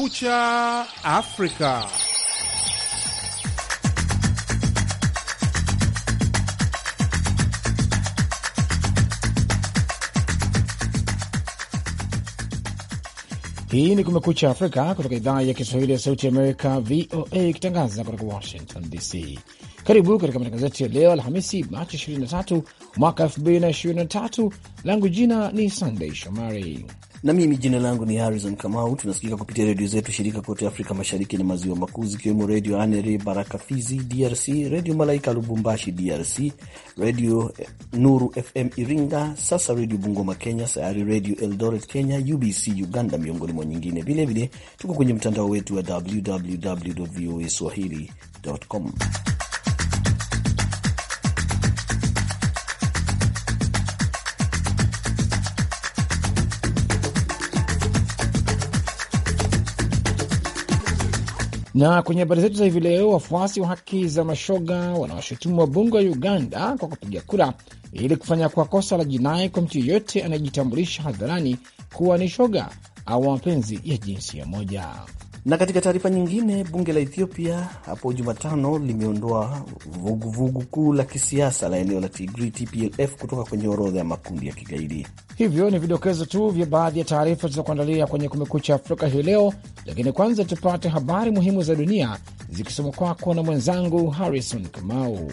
Kumekucha Afrika. Hii ni Kumekucha Afrika kutoka idhaa ya Kiswahili ya Sauti Amerika, VOA, ikitangaza kutoka Washington DC. Karibu katika matangazo yetu ya leo Alhamisi, Machi 23 mwaka 2023. Langu jina ni Sandei Shomari na mimi jina langu ni Harrison Kamau. Tunasikika kupitia redio zetu shirika kote Afrika Mashariki na Maziwa Makuu, zikiwemo Redio anery Baraka Fizi DRC, Redio Malaika Lubumbashi DRC, Redio Nuru FM Iringa, sasa Redio Bungoma Kenya, Sayari Redio Eldoret Kenya, UBC Uganda, miongoni mwa nyingine. Vilevile tuko kwenye mtandao wetu wa www voa swahili com. Na kwenye habari zetu za hivi leo, wafuasi wa haki za mashoga wanawashutumu wabunge wa Uganda kwa kupiga kura ili kufanya kwa kosa la jinai kwa mtu yeyote anayejitambulisha hadharani kuwa ni shoga au mapenzi ya jinsia moja. Na katika taarifa nyingine, bunge la Ethiopia hapo Jumatano limeondoa vuguvugu kuu la kisiasa la eneo la Tigray TPLF kutoka kwenye orodha ya makundi ya kigaidi. Hivyo ni vidokezo tu vya baadhi ya taarifa zilizokuandalia kwenye Kumekucha Afrika hii leo, lakini kwanza tupate habari muhimu za dunia zikisoma kwako na mwenzangu Harrison Kamau.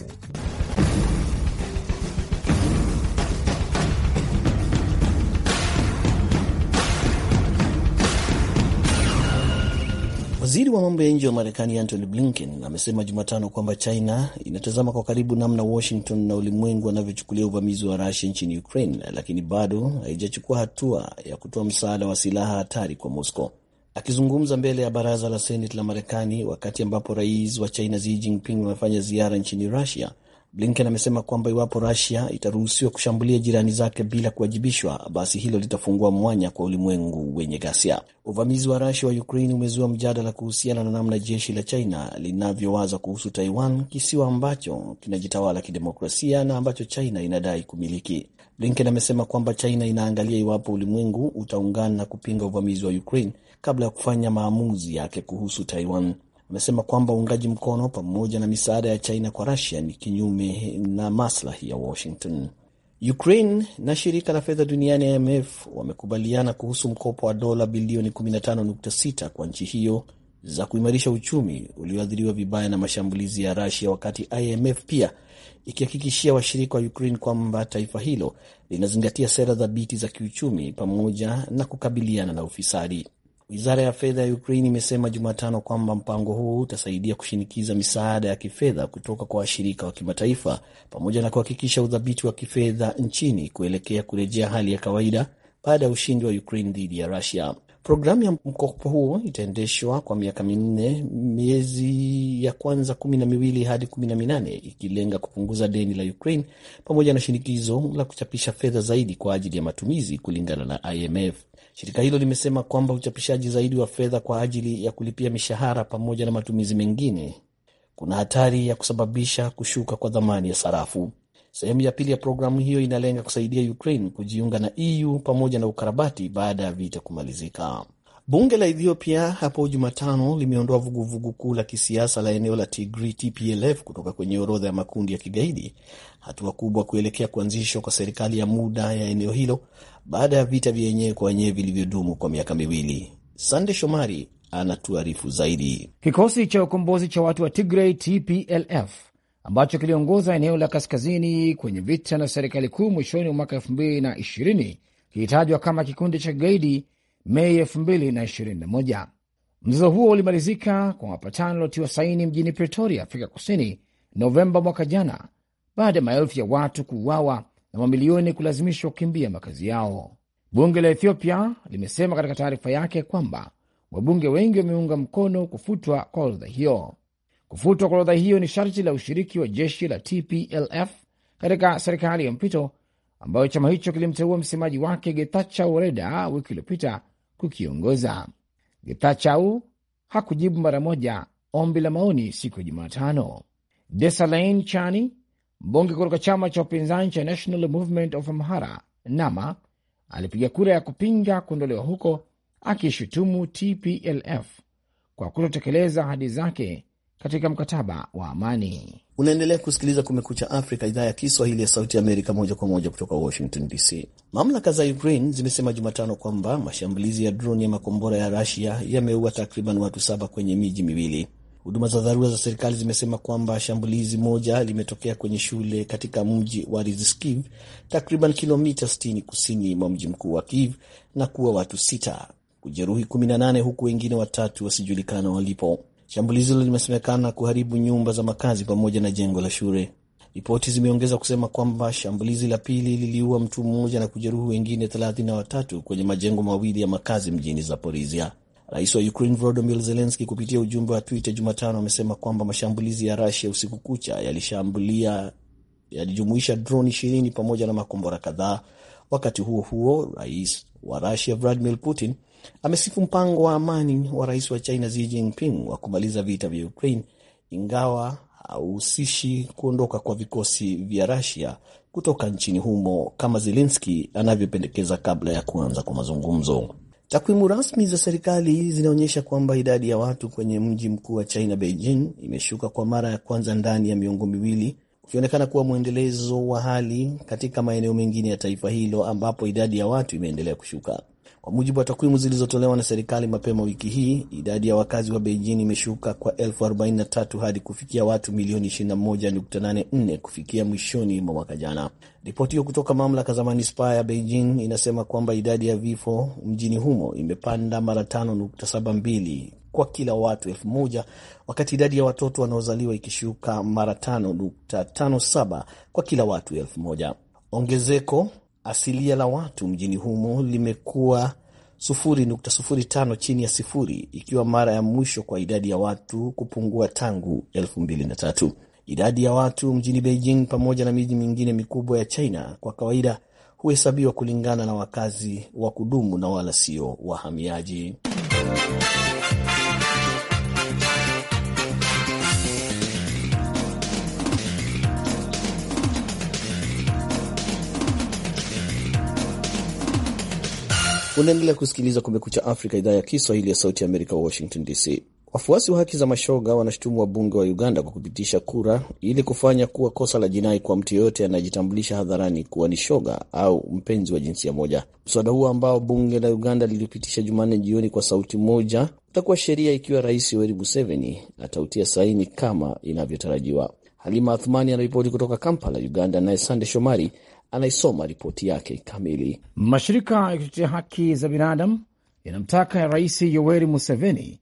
Waziri wa mambo ya nje wa Marekani Antony Blinken amesema Jumatano kwamba China inatazama kwa karibu namna Washington na ulimwengu wanavyochukulia uvamizi wa Rusia nchini Ukraine, lakini bado haijachukua hatua ya kutoa msaada wa silaha hatari kwa Moscow. Akizungumza mbele ya baraza la senate la Marekani wakati ambapo rais wa China Xi Jinping amefanya ziara nchini Rusia, Blinken amesema kwamba iwapo rasia itaruhusiwa kushambulia jirani zake bila kuwajibishwa, basi hilo litafungua mwanya kwa ulimwengu wenye ghasia. Uvamizi wa rasia wa Ukraine umezua mjadala kuhusiana na namna jeshi la China linavyowaza kuhusu Taiwan, kisiwa ambacho kinajitawala kidemokrasia na ambacho China inadai kumiliki. Blinken amesema kwamba China inaangalia iwapo ulimwengu utaungana kupinga uvamizi wa Ukraine kabla ya kufanya maamuzi yake kuhusu Taiwan amesema kwamba uungaji mkono pamoja na misaada ya China kwa Rusia ni kinyume na maslahi ya Washington. Ukraine na shirika la fedha duniani IMF wamekubaliana kuhusu mkopo wa dola bilioni 15.6 kwa nchi hiyo za kuimarisha uchumi ulioathiriwa vibaya na mashambulizi ya Rusia, wakati IMF pia ikihakikishia washirika wa Ukraine kwamba taifa hilo linazingatia sera thabiti za kiuchumi pamoja na kukabiliana na ufisadi. Wizara ya fedha ya Ukraine imesema Jumatano kwamba mpango huo utasaidia kushinikiza misaada ya kifedha kutoka kwa washirika wa kimataifa pamoja na kuhakikisha udhabiti wa kifedha nchini kuelekea kurejea hali ya kawaida baada ya ushindi wa Ukraine dhidi ya Russia. Programu ya mkopo huo itaendeshwa kwa miaka minne, miezi ya kwanza kumi na miwili hadi kumi na minane ikilenga kupunguza deni la Ukraine pamoja na shinikizo la kuchapisha fedha zaidi kwa ajili ya matumizi kulingana na IMF. Shirika hilo limesema kwamba uchapishaji zaidi wa fedha kwa ajili ya kulipia mishahara pamoja na matumizi mengine kuna hatari ya kusababisha kushuka kwa thamani ya sarafu. Sehemu ya pili ya programu hiyo inalenga kusaidia Ukraine kujiunga na EU pamoja na ukarabati baada ya vita kumalizika. Bunge la Ethiopia hapo Jumatano limeondoa vuguvugu kuu la kisiasa la eneo la Tigray TPLF kutoka kwenye orodha ya makundi ya kigaidi, hatua kubwa kuelekea kuanzishwa kwa serikali ya muda ya eneo hilo baada ya vita vya wenyewe kwa wenyewe vilivyodumu kwa miaka miwili. Sande Shomari anatuarifu zaidi. Kikosi cha ukombozi cha watu wa Tigray TPLF ambacho kiliongoza eneo la kaskazini kwenye vita na serikali kuu mwishoni mwa mwaka 2020 kilitajwa kama kikundi cha gaidi Mei 221 Mzozo huo ulimalizika kwa mapatano yaliyotiwa saini mjini Pretoria, Afrika Kusini, Novemba mwaka jana, baada ya maelfu ya watu kuuawa na mamilioni kulazimishwa kukimbia makazi yao. Bunge la Ethiopia limesema katika taarifa yake kwamba wabunge wengi wameunga mkono kufutwa kwa orodha hiyo. Kufutwa kwa orodha hiyo ni sharti la ushiriki wa jeshi la TPLF katika serikali ya mpito ambayo chama hicho kilimteua msemaji wake Getachew Reda wiki iliyopita kukiongoza. Getachew hakujibu mara moja ombi la maoni siku ya Jumatano. Desalain Chani Mbunge kutoka chama cha upinzani cha National Movement of Amhara NAMA alipiga kura ya kupinga kuondolewa huko, akishutumu TPLF kwa kutotekeleza ahadi zake katika mkataba wa amani. Unaendelea kusikiliza Kumekucha Afrika, idhaa ya Kiswahili ya Sauti Amerika, moja kwa moja kutoka Washington DC. Mamlaka za Ukraine zimesema Jumatano kwamba mashambulizi ya droni ya makombora ya Rusia yameua takriban watu saba kwenye miji miwili. Huduma za dharura za serikali zimesema kwamba shambulizi moja limetokea kwenye shule katika mji wa Rizkiv, takriban kilomita 60 kusini mwa mji mkuu wa Kiev na kuwa watu sita, kujeruhi 18 huku wengine watatu wasijulikana walipo. Shambulizi hilo limesemekana kuharibu nyumba za makazi pamoja na jengo la shule. Ripoti zimeongeza kusema kwamba shambulizi la pili liliua mtu mmoja na kujeruhi wengine thelathini na watatu kwenye majengo mawili ya makazi mjini Zaporizhia. Rais wa Ukraine Volodymyr Zelensky kupitia ujumbe wa Twitter Jumatano amesema kwamba mashambulizi ya Russia usiku kucha yalishambulia yalijumuisha droni ishirini pamoja na makombora kadhaa. Wakati huo huo, rais wa Russia Vladimir Putin amesifu mpango wa amani wa rais wa China Xi Jinping wa kumaliza vita vya Ukraine, ingawa hauhusishi kuondoka kwa vikosi vya Russia kutoka nchini humo kama Zelensky anavyopendekeza kabla ya kuanza kwa mazungumzo. Takwimu rasmi za serikali zinaonyesha kwamba idadi ya watu kwenye mji mkuu wa China Beijing imeshuka kwa mara ya kwanza ndani ya miongo miwili, ukionekana kuwa mwendelezo wa hali katika maeneo mengine ya taifa hilo ambapo idadi ya watu imeendelea kushuka. Kwa mujibu wa takwimu zilizotolewa na serikali mapema wiki hii, idadi ya wakazi wa Beijing imeshuka kwa 43 hadi kufikia watu milioni 21.84 kufikia mwishoni mwa mwaka jana. Ripoti hiyo kutoka mamlaka za manispaa ya Beijing inasema kwamba idadi ya vifo mjini humo imepanda mara 5.72 kwa kila watu elfu moja wakati idadi ya watoto wanaozaliwa ikishuka mara 5.57 kwa kila watu elfu moja. Ongezeko asilia la watu mjini humo limekuwa 0.05 chini ya sifuri, ikiwa mara ya mwisho kwa idadi ya watu kupungua tangu 2003. Idadi ya watu mjini Beijing pamoja na miji mingine mikubwa ya China kwa kawaida huhesabiwa kulingana na wakazi wa kudumu na wala sio wahamiaji. Unaendelea kusikiliza Kumekucha Afrika, idhaa ya Kiswahili ya Sauti ya Amerika, Washington DC. Wafuasi wa haki za mashoga wanashutumu wabunge wa Uganda kwa kupitisha kura ili kufanya kuwa kosa la jinai kwa mtu yeyote anayejitambulisha hadharani kuwa ni shoga au mpenzi wa jinsia moja. Mswada huo ambao bunge la Uganda lilipitisha Jumanne jioni kwa sauti moja utakuwa sheria ikiwa Rais Yoweri Museveni atautia saini kama inavyotarajiwa. Halima Athmani anaripoti kutoka Kampala, Uganda, naye Sande Shomari anaisoma ripoti yake kamili. Mashirika ya kutetea haki za binadamu yanamtaka Rais Yoweri Museveni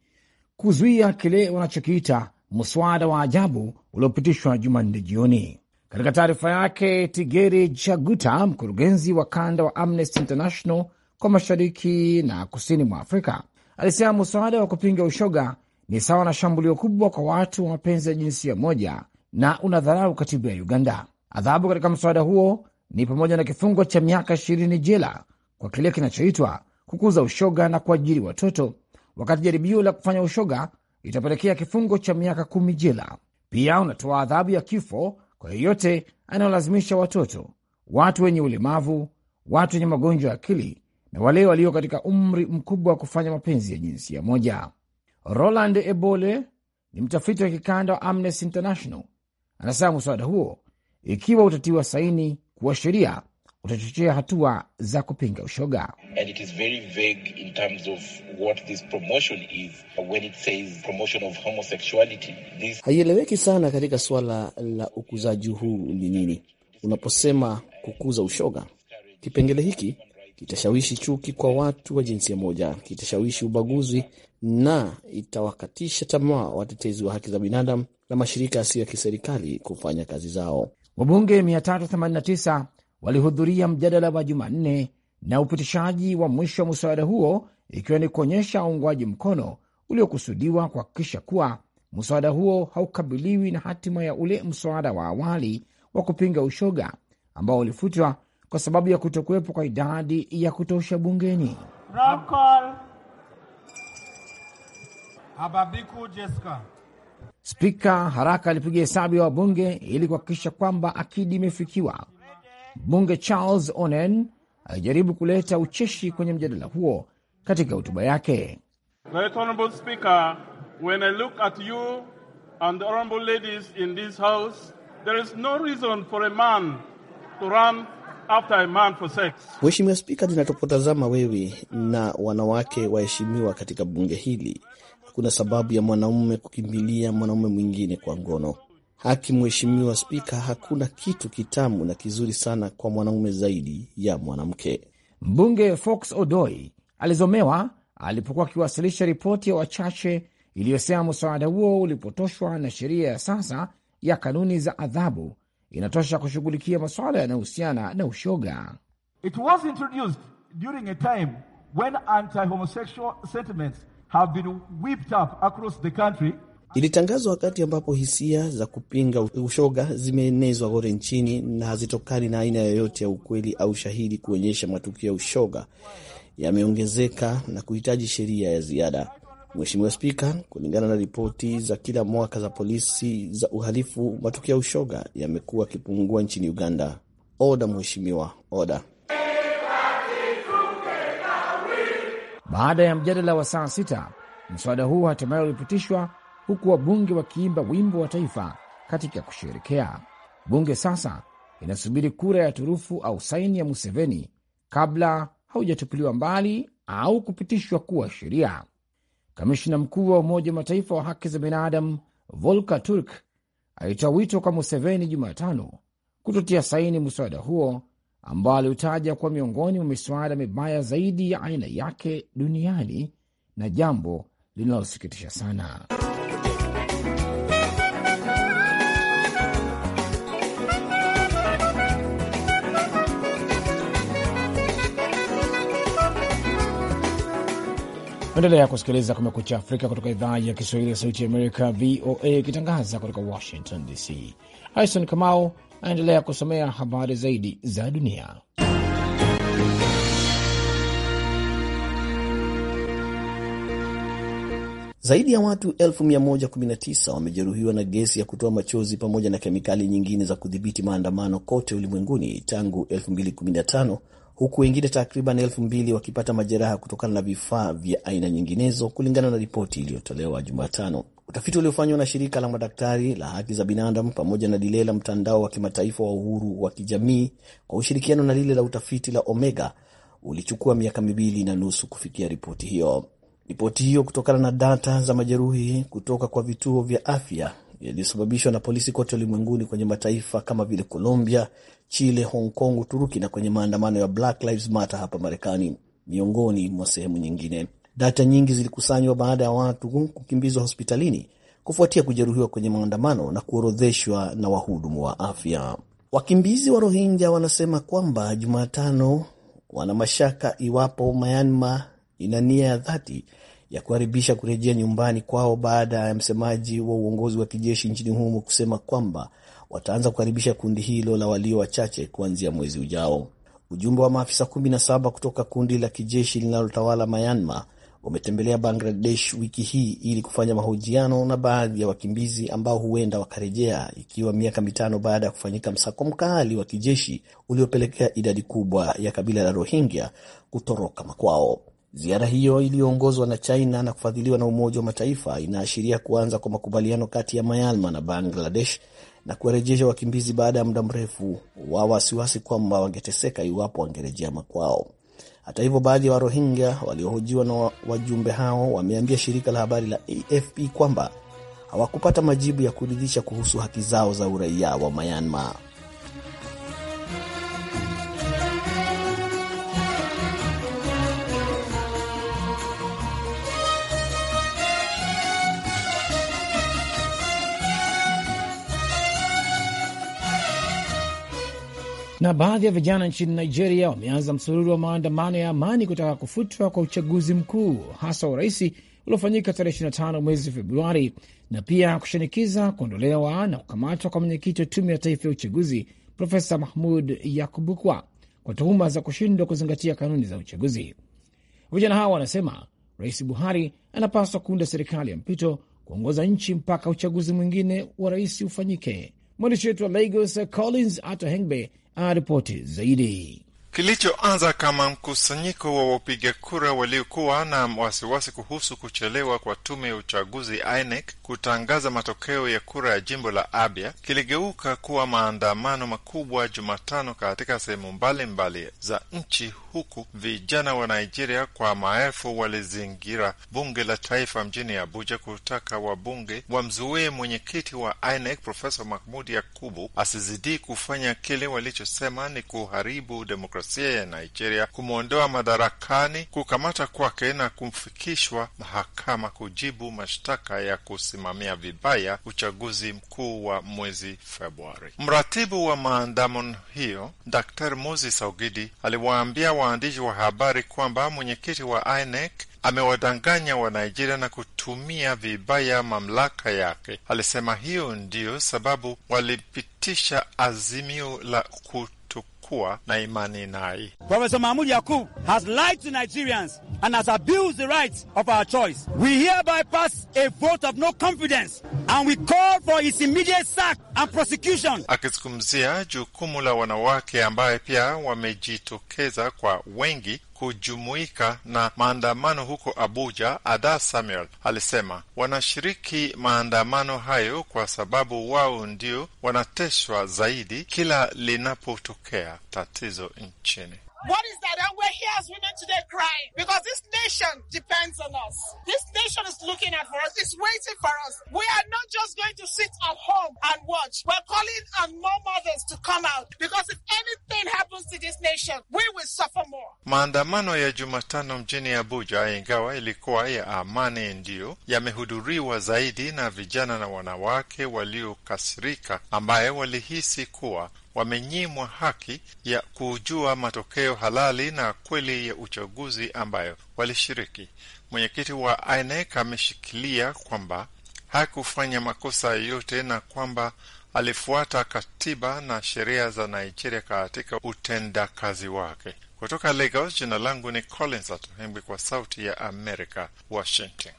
kuzuia kile wanachokiita mswada wa ajabu uliopitishwa Jumanne jioni. Katika taarifa yake, Tigeri Chaguta, mkurugenzi wa kanda wa Amnesty International kwa mashariki na kusini mwa Afrika, alisema mswada wa kupinga ushoga ni sawa na shambulio kubwa kwa watu wa mapenzi ya jinsia moja na unadharau katiba ya Uganda. Adhabu katika mswada huo ni pamoja na kifungo cha miaka ishirini jela kwa kile kinachoitwa kukuza ushoga na kuajiri watoto, wakati jaribio la kufanya ushoga litapelekea kifungo cha miaka kumi jela. Pia unatoa adhabu ya kifo kwa yeyote anayolazimisha watoto, watu wenye ulemavu, watu wenye magonjwa ya akili na wale walio katika umri mkubwa wa kufanya mapenzi ya jinsia moja. Roland Ebole ni mtafiti wa kikanda wa Amnesty International, anasema mswada huo ikiwa utatiwa saini sheria utachochea hatua za kupinga ushoga. haieleweki sana katika suala la ukuzaji huu ni nini. Unaposema kukuza ushoga, kipengele hiki kitashawishi chuki kwa watu wa jinsia moja, kitashawishi ubaguzi na itawakatisha tamaa watetezi wa haki za binadamu na mashirika yasiyo ya kiserikali kufanya kazi zao. Wabunge 389 walihudhuria mjadala wa Jumanne na upitishaji wa mwisho wa mswada huo, ikiwa ni kuonyesha uungwaji mkono uliokusudiwa kuhakikisha kuwa mswada huo haukabiliwi na hatima ya ule mswada wa awali wa kupinga ushoga ambao ulifutwa kwa sababu ya kutokuwepo kwa idadi ya kutosha bungeni. Spika haraka alipiga hesabu ya wabunge ili kuhakikisha kwamba akidi imefikiwa. Mbunge Charles Onen alijaribu kuleta ucheshi kwenye mjadala huo katika hotuba yake. Mheshimiwa Spika, ninatopotazama wewe na wanawake waheshimiwa katika bunge hili, hakuna sababu ya mwanaume kukimbilia mwanaume mwingine kwa ngono. Haki Mheshimiwa Spika, hakuna kitu kitamu na kizuri sana kwa mwanaume zaidi ya mwanamke. Mbunge Fox Odoi alizomewa alipokuwa akiwasilisha ripoti ya wachache iliyosema mswada huo ulipotoshwa na sheria ya sasa ya kanuni za adhabu inatosha kushughulikia masuala yanayohusiana na ushoga. It was introduced during a time when anti-homosexual sentiments have been whipped up across the country. Ilitangazwa wakati ambapo hisia za kupinga ushoga zimeenezwa kote nchini na hazitokani na aina yoyote ya ukweli au shahidi kuonyesha matukio ya ushoga yameongezeka na kuhitaji sheria ya ziada. Mheshimiwa Spika, kulingana na ripoti za kila mwaka za polisi za uhalifu, matukio ya ushoga yamekuwa yakipungua nchini Uganda. Oda mheshimiwa, oda. Baada ya mjadala wa saa sita, mswada huo hatimaye ulipitishwa huku wabunge wakiimba wimbo wa taifa katika kusherekea. Bunge sasa inasubiri kura ya turufu au saini ya Museveni kabla haujatupiliwa mbali au kupitishwa kuwa sheria. kamishina mkuu wa Umoja wa Mataifa wa haki za binadamu volka Turk alitoa wito kwa Museveni Jumatano kutotia saini mswada huo ambao aliutaja kuwa miongoni mwa miswada mibaya zaidi ya aina yake duniani na jambo linalosikitisha sana. Endelea kusikiliza Kumekucha Afrika kutoka idhaa ya Kiswahili ya Sauti ya Amerika, VOA, ikitangaza kutoka Washington DC. Harison Kamau anaendelea kusomea habari zaidi za dunia. Zaidi ya watu 119 wamejeruhiwa na gesi ya kutoa machozi pamoja na kemikali nyingine za kudhibiti maandamano kote ulimwenguni tangu 2015 huku wengine takriban elfu mbili wakipata majeraha kutokana na vifaa vya aina nyinginezo, kulingana na ripoti iliyotolewa Jumatano. Utafiti uliofanywa na shirika la madaktari la haki za binadamu pamoja na lile la mtandao wa kimataifa wa uhuru wa kijamii kwa ushirikiano na lile la utafiti la Omega ulichukua miaka miwili na nusu kufikia ripoti hiyo. Ripoti hiyo, kutokana na data za majeruhi kutoka kwa vituo vya afya yaliyosababishwa na polisi kote ulimwenguni kwenye mataifa kama vile Colombia, Chile, Hong Kong, Uturuki na kwenye maandamano ya Black Lives Matter hapa Marekani, miongoni mwa sehemu nyingine. Data nyingi zilikusanywa baada ya watu kukimbizwa hospitalini kufuatia kujeruhiwa kwenye maandamano na kuorodheshwa na wahudumu wa afya. Wakimbizi wa Rohingya wanasema kwamba Jumatano wana mashaka iwapo Myanmar ina nia ya dhati ya kuharibisha kurejea nyumbani kwao baada ya msemaji wa uongozi wa kijeshi nchini humo kusema kwamba wataanza kukaribisha kundi hilo la walio wachache kuanzia mwezi ujao. Ujumbe wa maafisa 17 kutoka kundi la kijeshi linalotawala Myanmar wametembelea Bangladesh wiki hii ili kufanya mahojiano na baadhi ya wakimbizi ambao huenda wakarejea, ikiwa miaka mitano baada ya kufanyika msako mkali wa kijeshi uliopelekea idadi kubwa ya kabila la Rohingya kutoroka makwao. Ziara hiyo iliyoongozwa na China na kufadhiliwa na Umoja wa Mataifa inaashiria kuanza kwa makubaliano kati ya Myanmar na Bangladesh na kuwarejesha wakimbizi baada ya muda mrefu wa wasiwasi kwamba wangeteseka iwapo wangerejea makwao. Hata hivyo, baadhi ya wa Warohingya waliohojiwa na wajumbe hao wameambia shirika la habari la AFP kwamba hawakupata majibu ya kuridhisha kuhusu haki zao za uraia wa Myanmar. Na baadhi ya vijana nchini Nigeria wameanza msururu wa maandamano ya amani kutaka kufutwa kwa uchaguzi mkuu hasa uraisi uliofanyika tarehe 25 mwezi Februari, na pia kushinikiza kuondolewa na kukamatwa kwa mwenyekiti wa tume ya taifa ya uchaguzi Profesa Mahmud Yakubukwa kwa tuhuma za kushindwa kuzingatia kanuni za uchaguzi. Vijana hao wanasema Rais Buhari anapaswa kuunda serikali ya mpito kuongoza nchi mpaka uchaguzi mwingine wa rais ufanyike. Mwandishi wetu wa Lagos Collins Ato Hengbe aripoti ah, zaidi kilichoanza kama mkusanyiko wa wapiga kura waliokuwa na wasiwasi kuhusu kuchelewa kwa tume ya uchaguzi INEC kutangaza matokeo ya kura ya jimbo la Abia kiligeuka kuwa maandamano makubwa Jumatano katika sehemu mbalimbali za nchi, huku vijana wa Nigeria kwa maelfu walizingira bunge la taifa mjini Abuja kutaka wabunge wamzuie mwenyekiti wa INEC Profesa Mahmud Yakubu asizidi kufanya kile walichosema ni kuharibu demokrasi. Kidemokrasia ya Nigeria kumwondoa madarakani, kukamata kwake na kumfikishwa mahakama kujibu mashtaka ya kusimamia vibaya uchaguzi mkuu wa mwezi Februari. Mratibu wa maandamano hiyo Dr. Moses Augidi aliwaambia waandishi wa habari kwamba mwenyekiti wa INEC amewadanganya wa Nigeria na kutumia vibaya mamlaka yake. Alisema hiyo ndiyo sababu walipitisha azimio la ku kuwa na imani naye. Profesa Mahmud Yakub has lied to Nigerians and has abused the rights of our choice. We hereby pass a vote of no confidence and we call for his immediate sack and prosecution. Akizungumzia jukumu la wanawake ambaye pia wamejitokeza kwa wengi kujumuika na maandamano huko Abuja, Ada Samuel alisema wanashiriki maandamano hayo kwa sababu wao ndio wanateshwa zaidi kila linapotokea tatizo nchini. What is that? And we're here as women today crying because this nation depends on us. This nation is looking at for us. It's waiting for us. We are not just going to sit at home and watch. We're calling on more mothers to come out because if anything happens to this nation, we will suffer more. Maandamano ya Jumatano mjini Abuja, ingawa ilikuwa ya amani, ndiyo yamehudhuriwa zaidi na vijana na wanawake waliokasirika, ambaye walihisi kuwa wamenyimwa haki ya kujua matokeo halali na kweli ya uchaguzi ambayo walishiriki. Mwenyekiti wa INEC ameshikilia kwamba hakufanya makosa yoyote na kwamba alifuata katiba na sheria za Nigeria katika utendakazi wake. Kutoka Lagos, jina langu ni Collins Atohembi kwa Sauti ya america Washington.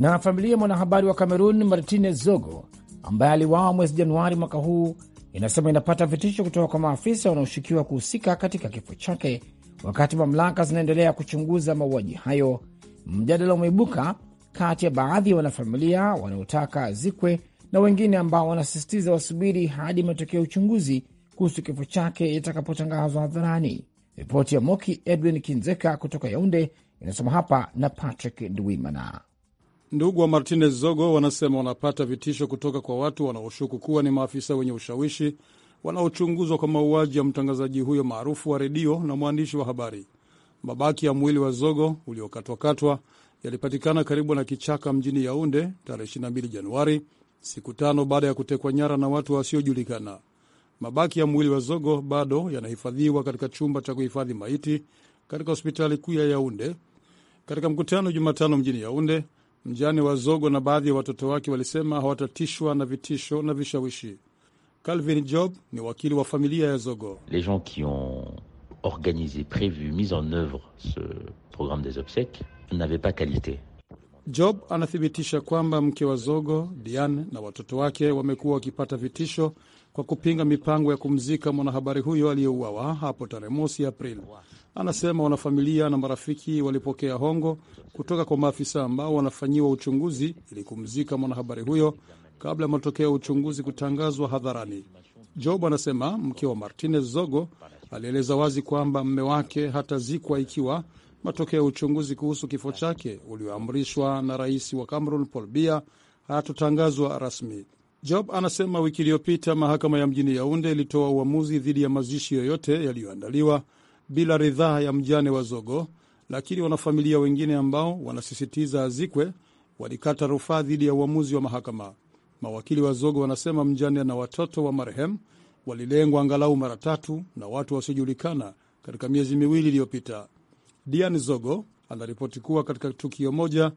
na familia ya mwanahabari wa Kamerun Martinez Zogo ambaye aliwawa mwezi Januari mwaka huu inasema inapata vitisho kutoka kwa maafisa wanaoshukiwa kuhusika katika kifo chake, wakati mamlaka zinaendelea kuchunguza mauaji hayo. Mjadala umeibuka kati ya baadhi ya wanafamilia wanaotaka zikwe na wengine ambao wanasisitiza wasubiri hadi matokeo ya uchunguzi kuhusu kifo chake yatakapotangazwa hadharani. Ripoti ya Moki Edwin Kinzeka kutoka Yaunde inasoma hapa na Patrick Ndwimana. Ndugu wa Martinez Zogo wanasema wanapata vitisho kutoka kwa watu wanaoshuku kuwa ni maafisa wenye ushawishi wanaochunguzwa kwa mauaji ya mtangazaji huyo maarufu wa redio na mwandishi wa habari. Mabaki ya mwili wa Zogo uliokatwakatwa yalipatikana karibu na kichaka mjini Yaunde tarehe 22 Januari, siku tano baada ya kutekwa nyara na watu wasiojulikana. Mabaki ya mwili wa Zogo bado yanahifadhiwa katika chumba cha kuhifadhi maiti katika hospitali kuu ya Yaunde. Katika mkutano Jumatano mjini Yaunde, Mjane wa Zogo na baadhi ya watoto wake walisema hawatatishwa na vitisho na vishawishi. Calvin Job ni wakili wa familia ya Zogo. Les gens qui ont organisé, mis en ce programme des obsèques n'avaient pas Job anathibitisha kwamba mke wa Zogo, Diane, na watoto wake wamekuwa wakipata vitisho kwa kupinga mipango ya kumzika mwanahabari huyo aliyeuawa hapo tarehe mosi Aprili. Anasema wanafamilia na marafiki walipokea hongo kutoka kwa maafisa ambao wanafanyiwa uchunguzi ili kumzika mwanahabari huyo kabla ya matokeo ya uchunguzi kutangazwa hadharani. Job anasema mke wa Martinez Zogo alieleza wazi kwamba mme wake hatazikwa ikiwa matokeo ya uchunguzi kuhusu kifo chake ulioamrishwa na rais wa Cameroon Paul Biya hayatotangazwa rasmi. Job anasema wiki iliyopita mahakama ya mjini Yaunde ilitoa uamuzi dhidi ya mazishi yoyote yaliyoandaliwa bila ridhaa ya mjane wa Zogo, lakini wanafamilia wengine ambao wanasisitiza azikwe walikata rufaa dhidi ya uamuzi wa mahakama. Mawakili wa Zogo wanasema mjane na watoto wa marehemu walilengwa angalau mara tatu na watu wasiojulikana katika miezi miwili iliyopita. Dian Zogo anaripoti kuwa katika tukio moja,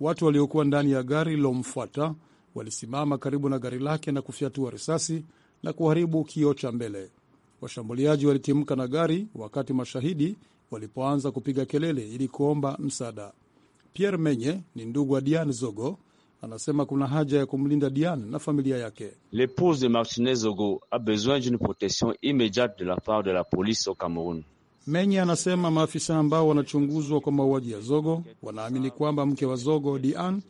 watu waliokuwa ndani ya gari lilomfuata walisimama karibu na gari lake na kufyatua risasi na kuharibu kioo cha mbele. Washambuliaji walitimka na gari wakati mashahidi walipoanza kupiga kelele ili kuomba msaada. Pierre Menye ni ndugu wa dian Zogo anasema kuna haja ya kumlinda dian na familia yake. L'epouse de Martinez Zogo a besoin d'une protection immédiate de la part de la police au Cameroun. Menye anasema maafisa ambao wanachunguzwa kwa mauaji ya Zogo wanaamini kwamba mke wa Zogo, dian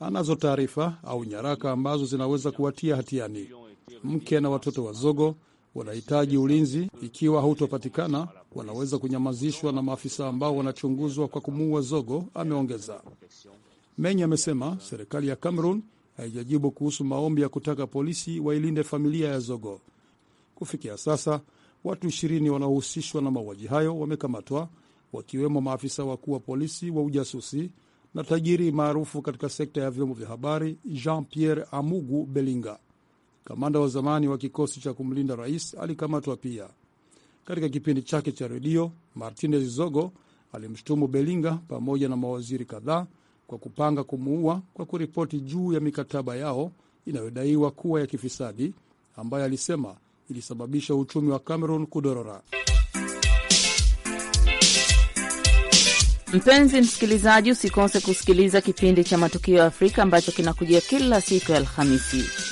anazo taarifa au nyaraka ambazo zinaweza kuwatia hatiani. Mke na watoto wa Zogo wanahitaji ulinzi. Ikiwa hautopatikana, wanaweza kunyamazishwa na maafisa ambao wanachunguzwa kwa kumuua Zogo, ameongeza. Meny amesema serikali ya Cameroon haijajibu kuhusu maombi ya kutaka polisi wailinde familia ya Zogo. Kufikia sasa watu ishirini wanaohusishwa na mauaji hayo wamekamatwa, wakiwemo maafisa wakuu wa polisi wa ujasusi na tajiri maarufu katika sekta ya vyombo vya habari Jean Pierre Amugu Belinga. Kamanda wa zamani wa kikosi cha kumlinda rais alikamatwa pia. Katika kipindi chake cha redio, Martinez Zogo alimshutumu Belinga pamoja na mawaziri kadhaa kwa kupanga kumuua kwa kuripoti juu ya mikataba yao inayodaiwa kuwa ya kifisadi ambayo alisema ilisababisha uchumi wa Cameroon kudorora. Mpenzi msikilizaji, usikose kusikiliza kipindi cha Matukio ya Afrika ambacho kinakujia kila siku ya Alhamisi.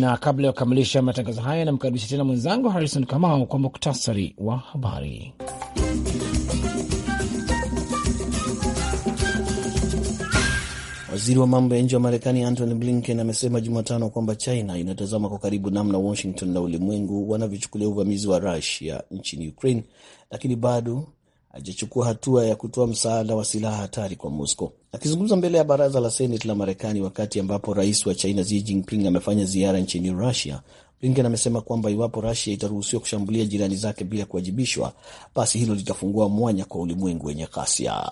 na kabla ya kukamilisha matangazo haya, namkaribisha tena mwenzangu Harrison Kamau kwa muktasari wa habari. Waziri wa mambo ya nje wa Marekani Antony Blinken amesema Jumatano kwamba China inatazama kwa karibu namna Washington na ulimwengu wanavyochukulia uvamizi wa Rusia nchini Ukraine, lakini bado hajachukua hatua ya kutoa msaada wa silaha hatari kwa mosco Akizungumza mbele ya baraza la seneti la Marekani wakati ambapo rais wa China Xi Jinping amefanya ziara nchini Russia, Blinken amesema kwamba iwapo rasia itaruhusiwa kushambulia jirani zake bila kuwajibishwa, basi hilo litafungua mwanya kwa ulimwengu wenye ghasia.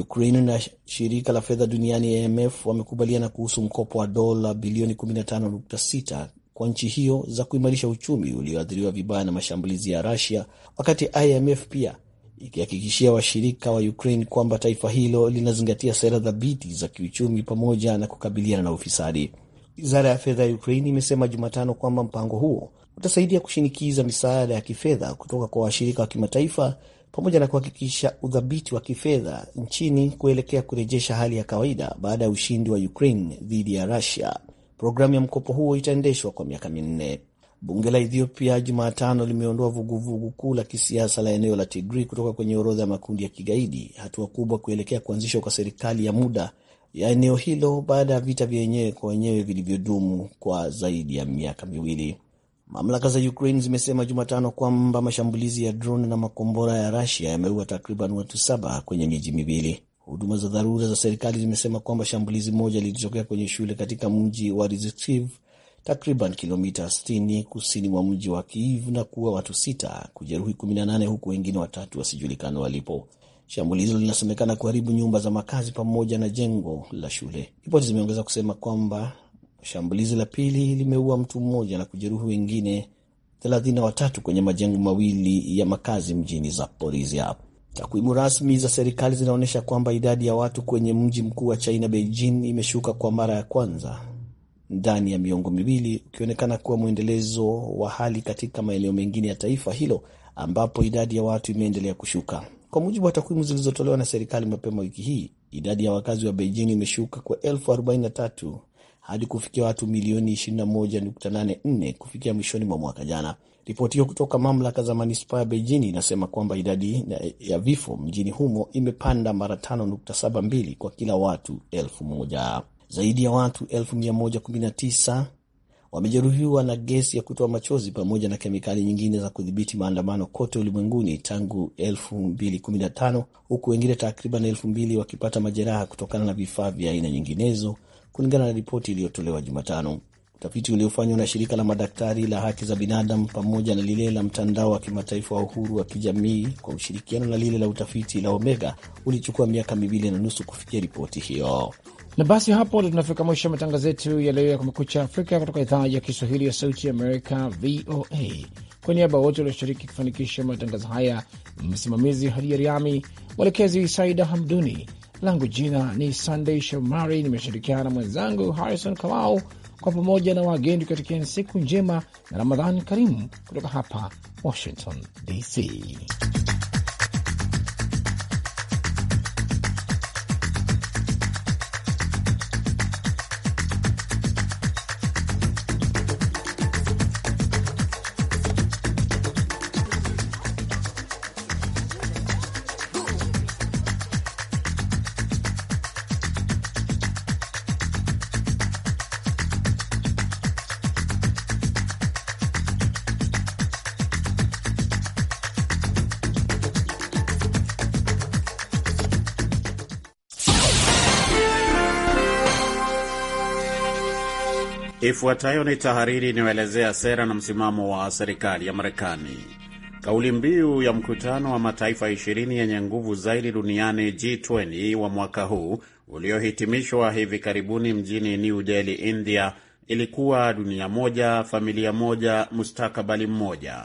Ukraine na shirika la fedha duniani IMF wamekubaliana kuhusu mkopo wa dola bilioni 15.6 kwa nchi hiyo za kuimarisha uchumi ulioathiriwa vibaya na mashambulizi ya Russia, wakati IMF pia ikihakikishia washirika wa Ukraine kwamba taifa hilo linazingatia sera thabiti za kiuchumi pamoja na kukabiliana na ufisadi. Wizara ya fedha ya Ukraine imesema Jumatano kwamba mpango huo utasaidia kushinikiza misaada ya kifedha kutoka kwa washirika wa kimataifa pamoja na kuhakikisha udhabiti wa kifedha nchini kuelekea kurejesha hali ya kawaida baada ya ushindi wa Ukraine dhidi ya Russia. Programu ya mkopo huo itaendeshwa kwa miaka minne. Bunge la Ethiopia Jumatano limeondoa vuguvugu kuu la kisiasa la eneo la Tigray kutoka kwenye orodha ya makundi ya kigaidi, hatua kubwa kuelekea kuanzishwa kwa serikali ya muda ya eneo hilo baada ya vita vya wenyewe kwa wenyewe vilivyodumu kwa zaidi ya miaka miwili. Mamlaka za Ukraine zimesema Jumatano kwamba mashambulizi ya drone na makombora ya Russia yameua takriban watu saba kwenye miji miwili. Huduma za dharura za serikali zimesema kwamba shambulizi moja lilitokea kwenye shule katika mji wa Rizipov takriban kilomita 60 kusini mwa mji wa Kiev na kuwa watu sita, kujeruhi 18 huku wengine watatu wasijulikana walipo. Shambulio hilo linasemekana kuharibu nyumba za makazi pamoja na jengo la shule. Ripoti zimeongeza kusema kwamba shambulizi la pili limeua mtu mmoja na kujeruhi wengine 33 kwenye majengo mawili ya makazi mjini Zaporizhia. Takwimu rasmi za serikali zinaonyesha kwamba idadi ya watu kwenye mji mkuu wa China, Beijing, imeshuka kwa mara ya kwanza ndani ya miongo miwili, ukionekana kuwa mwendelezo wa hali katika maeneo mengine ya taifa hilo ambapo idadi ya watu imeendelea kushuka. Kwa mujibu wa takwimu zilizotolewa na serikali mapema wiki hii, idadi ya wakazi wa Beijing imeshuka kwa elfu arobaini na tatu hadi kufikia watu milioni 21.84 kufikia mwishoni mwa mwaka jana. Ripoti hiyo kutoka mamlaka za manispaa ya Beijing inasema kwamba idadi ya vifo mjini humo imepanda mara 5.72 kwa kila watu elfu moja. Zaidi ya watu 119 wamejeruhiwa na gesi ya kutoa machozi pamoja na kemikali nyingine za kudhibiti maandamano kote ulimwenguni tangu 2015 huku wengine takriban 2000 wakipata majeraha kutokana na vifaa vya aina nyinginezo, kulingana na ripoti iliyotolewa Jumatano. Utafiti uliofanywa na shirika la madaktari la haki za binadamu pamoja na lile la mtandao wa kimataifa wa uhuru wa kijamii kwa ushirikiano na lile la utafiti la Omega ulichukua miaka miwili na nusu kufikia ripoti hiyo. Na basi hapo ndo tunafika mwisho matangazo yetu ya leo ya Kumekucha Afrika kutoka idhaa ya Kiswahili ya Sauti ya Amerika, VOA. Kwa niaba ya wote walioshiriki kufanikisha matangazo haya, msimamizi Hadia Riami, mwelekezi Saida Hamduni, langu jina ni Sandey Shomari, nimeshirikiana na mwenzangu Harrison Kamau, kwa pamoja na wageni katikiani siku njema na Ramadhan karimu kutoka hapa Washington DC. Ifuatayo ni tahariri inayoelezea sera na msimamo wa serikali ya Marekani. Kauli mbiu ya mkutano wa mataifa 20 yenye nguvu zaidi duniani G20 wa mwaka huu uliohitimishwa hivi karibuni mjini New Delhi, India, ilikuwa dunia moja, familia moja, mustakabali mmoja.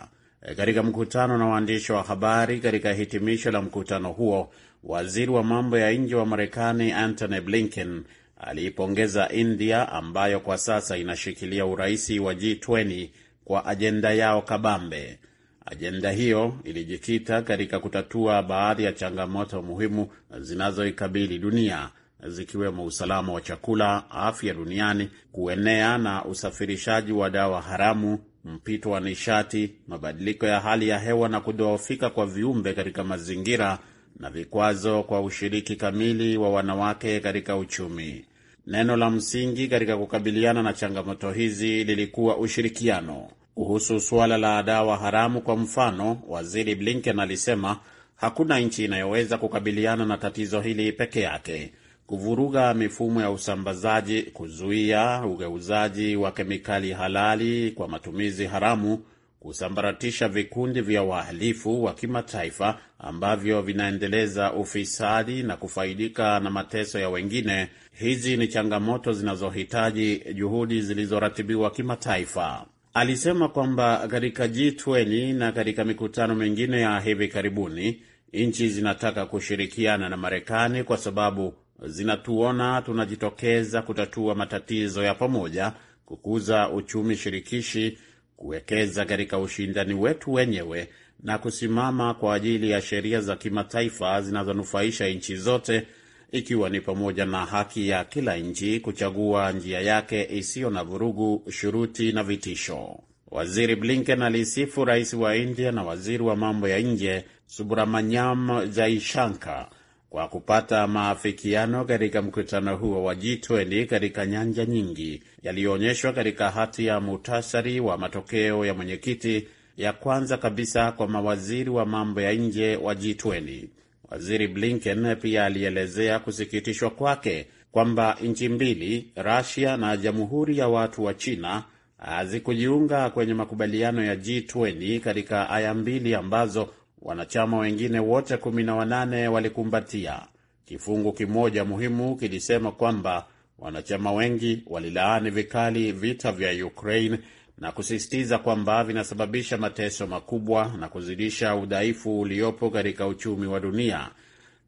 Katika mkutano na waandishi wa habari katika hitimisho la mkutano huo, waziri wa mambo ya nje wa Marekani Antony Blinken aliipongeza India ambayo kwa sasa inashikilia uraisi wa G20 kwa ajenda yao kabambe. Ajenda hiyo ilijikita katika kutatua baadhi ya changamoto muhimu zinazoikabili dunia zikiwemo usalama wa chakula, afya duniani, kuenea na usafirishaji wa dawa haramu, mpito wa nishati, mabadiliko ya hali ya hewa na kudhoofika kwa viumbe katika mazingira, na vikwazo kwa ushiriki kamili wa wanawake katika uchumi. Neno la msingi katika kukabiliana na changamoto hizi lilikuwa ushirikiano. Kuhusu suala la dawa haramu kwa mfano, waziri Blinken alisema hakuna nchi inayoweza kukabiliana na tatizo hili peke yake. Kuvuruga mifumo ya usambazaji, kuzuia ugeuzaji wa kemikali halali kwa matumizi haramu kusambaratisha vikundi vya wahalifu wa kimataifa ambavyo vinaendeleza ufisadi na kufaidika na mateso ya wengine. Hizi ni changamoto zinazohitaji juhudi zilizoratibiwa kimataifa. Alisema kwamba katika G20 na katika mikutano mingine ya hivi karibuni, nchi zinataka kushirikiana na Marekani kwa sababu zinatuona tunajitokeza kutatua matatizo ya pamoja, kukuza uchumi shirikishi kuwekeza katika ushindani wetu wenyewe na kusimama kwa ajili ya sheria za kimataifa zinazonufaisha nchi zote, ikiwa ni pamoja na haki ya kila nchi kuchagua njia yake isiyo na vurugu, shuruti na vitisho. Waziri Blinken alisifu rais wa India na waziri wa mambo ya nje Subramanyam Jaishankar kwa kupata maafikiano katika mkutano huo wa G20 katika nyanja nyingi yaliyoonyeshwa katika hati ya muhtasari wa matokeo ya mwenyekiti ya kwanza kabisa kwa mawaziri wa mambo ya nje wa G20. Waziri Blinken pia alielezea kusikitishwa kwake kwamba nchi mbili, Russia na Jamhuri ya Watu wa China, hazikujiunga kwenye makubaliano ya G20 katika aya mbili ambazo Wanachama wengine wote 18 walikumbatia. Kifungu kimoja muhimu kilisema kwamba wanachama wengi walilaani vikali vita vya Ukraine na kusisitiza kwamba vinasababisha mateso makubwa na kuzidisha udhaifu uliopo katika uchumi wa dunia.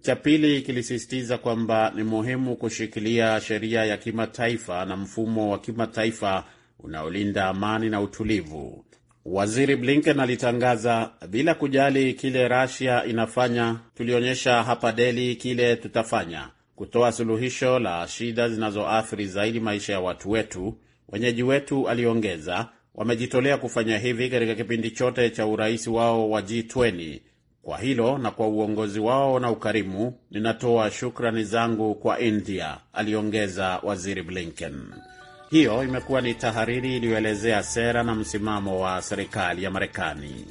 Cha pili kilisisitiza kwamba ni muhimu kushikilia sheria ya kimataifa na mfumo wa kimataifa unaolinda amani na utulivu. Waziri Blinken alitangaza, bila kujali kile Russia inafanya, tulionyesha hapa Delhi kile tutafanya kutoa suluhisho la shida zinazoathiri zaidi maisha ya watu wetu. Wenyeji wetu, aliongeza, wamejitolea kufanya hivi katika kipindi chote cha urais wao wa G20. Kwa hilo na kwa uongozi wao na ukarimu, ninatoa shukrani zangu kwa India, aliongeza Waziri Blinken. Hiyo imekuwa ni tahariri iliyoelezea sera na msimamo wa serikali ya Marekani.